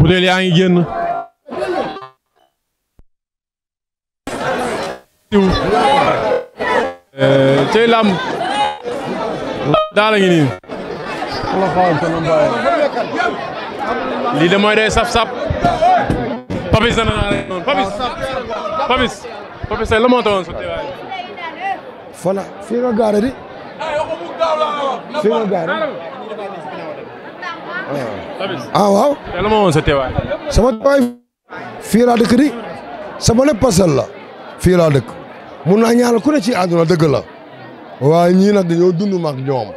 butéel yaa ngi génn eh, tey làmb daal a ngi nii lii de mooy day sap sap papis dana naa rek noonu papis papis papis tey la moo taxoon sa teewaay fana fii nga gaare di fii nga gaare ah waaw. yàlla sa sama teewaay fii laa dëkk di sama lépp parcelle la fii laa dëkk mun naa ñaanal ku ne ci àdduna dëgg la waaye ñii nag dañoo dund mag ñoom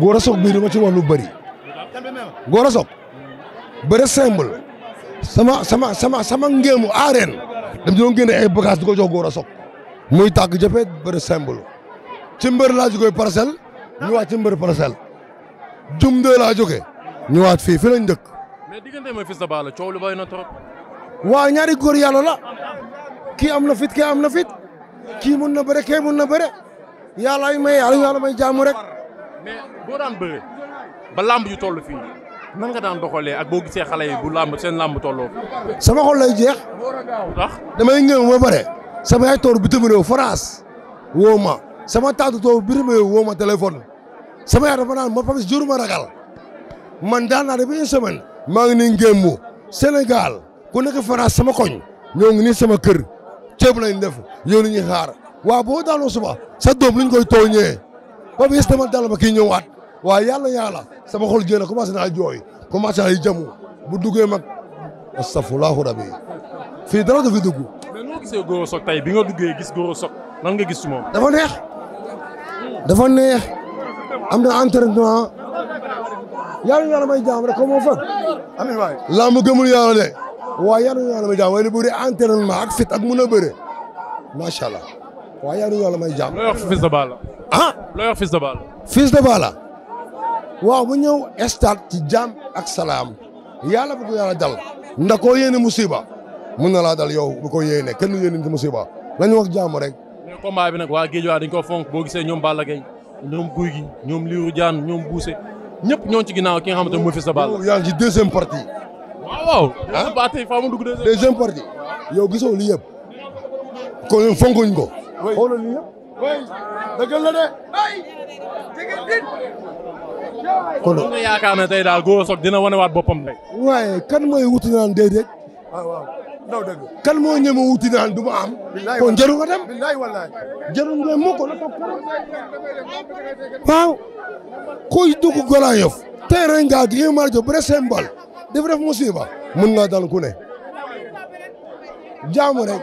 Gora Sock bii dama ci wax lu bëri Gora Sock bëre simple sama sama sama sama ngéemu aareen dam doon génne ay bagages di ko jox Gora Sock muy tàgg jëfee bëre simple ci mbër laa jógee parcelle ñu wàcc ci mbër parcelle jum de laa jógee ñëwaat fii fi lañ dëkk. mais diggante ma Fils de Balla coow lu na trop. waaw ñaari góor yàlla la kii am na fit kii am na fit kii mun na bëre kii mun na bëre yàlla ay may yàlla yàlla may jaamu rek. mais boo daan bëre ba làmb yu toll fii nan nga daan doxalee ak boo gisee xale yi bu làmb seen làmb tolloo. sama xol jeex. ndax damay ñëw ba pare sama ay tool bitim réew France woo ma sama taatu tool bitim réew woo ma téléphone. sama yaay dafa naan man Papis juru ma ragal man daan naa depuis une semaine. maa ngi nii ngémmu Sénégal ku nekk France sama koñ ñoo ngi nii sama kër ceeb lañ def yow li ñuy xaar waaw boo daanoo suba sa doom luñ koy tooñee Papis dama dal ba kii ñëwaat waaye yàlla yàlla sama xol jéem a commencé naa jooy commencé naa jamu bu duggee mag astafurlahu rabi fii dara du fi dugg. tey bi nga duggee gis Gora Sock lan nga gis ci moom. dafa neex dafa neex. am na entraînement yàlla yàlla may jaam rek ko moo fekk. amiin waay làmb gëmul yàlla de. waaye yàlla yàlla may jaam waaye li bëri entraînement ak fit ak mën a bëre macha allah waaye yàlla yàlla may jaam. looy wax Fils de Balla. ah looy wax Fils ñëw stade ci jaam ak salaam yàlla bu ko yàlla dal. nda koo yéene musiba mun na laa dal yow bu ko yéene kenn yéene ci musiba lañu wax jàmm rek. mais combat bi nag waa Guédiawaye gisee ñoom Balla ñoom guy gi ñoom liiru jaan ñoom buuse ñëpp ñoo ci ginnaaw ki nga xamante ne mooy Fils de Balla. yaa ngi ci deuxième partie. waaw waaw. ah ba tey faa dugg deuxième. deuxième yow gisoo lii yëpp. kon ñun fonkuñ ko. oui xoolal lii tey daal góor soog dina wanewaat boppam tey. waaye kan mooy wutu naan déedéet. Ah, daw dëgg kan moo ñëme wuti naan du ma am kon jëru nga dem billaay ko la topp waaw kuy dugg Grand Yoff terrain nga gi nga mën a jox bu dee seen bal dafa def musiba mën naa dal ku jaamu rek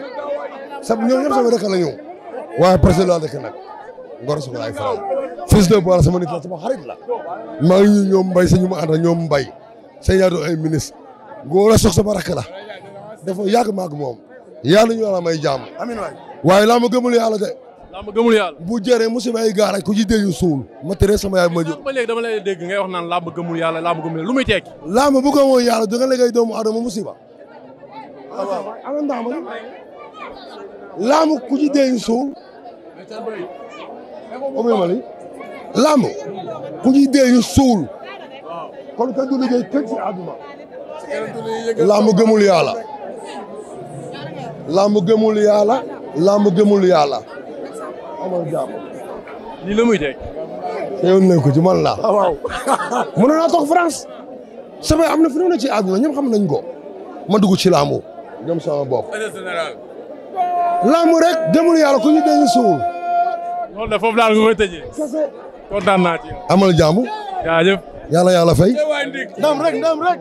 sab ñoom ñëpp sama rek waaye président dëkk nag ngor su ko laay faral fils de boole sama nit la sama xarit la maa ngi ñoom mbay sañu ma ànd ñoom mbay sañ yaatu ay ministre góor a sox sama rakk la dafa yàgg maag moom yàlla ñu yàlla may jàmm amiin waay waaye laa ma gëmul yàlla de laa ma gëmul yàlla bu jëree musiba ay gaar rek ku ci dégg suul ma tere sama yaay ma jóg ba léegi dama lay dégg ngay wax naan laa ma gëmul yàlla laa ma gëmul lu muy tekki laa ma bu ko woon yàlla da nga léegay doomu adama musiba waaw ama ndaama laa ma ku ci dégg suul omi ma li laa ma ku ci dégg suul kon kenn du liggéey kenn si àdduna laa ma gëmul yàlla làmb gëmul yàlla làmb gëmul yàlla amal jàmm. lii la muy teg. teyoon nañ ko ci man laa. Ah, waaw mënoon naa toog France. sama am na fi ne ci ñoom xam nañ ko. ma dugg ci làmb. ñoom sama bopp. làmb rek gëmul yàlla ku ñu dégg suul. amal jàmm. jaajëf. yàlla yàlla ndam rek ndam rek.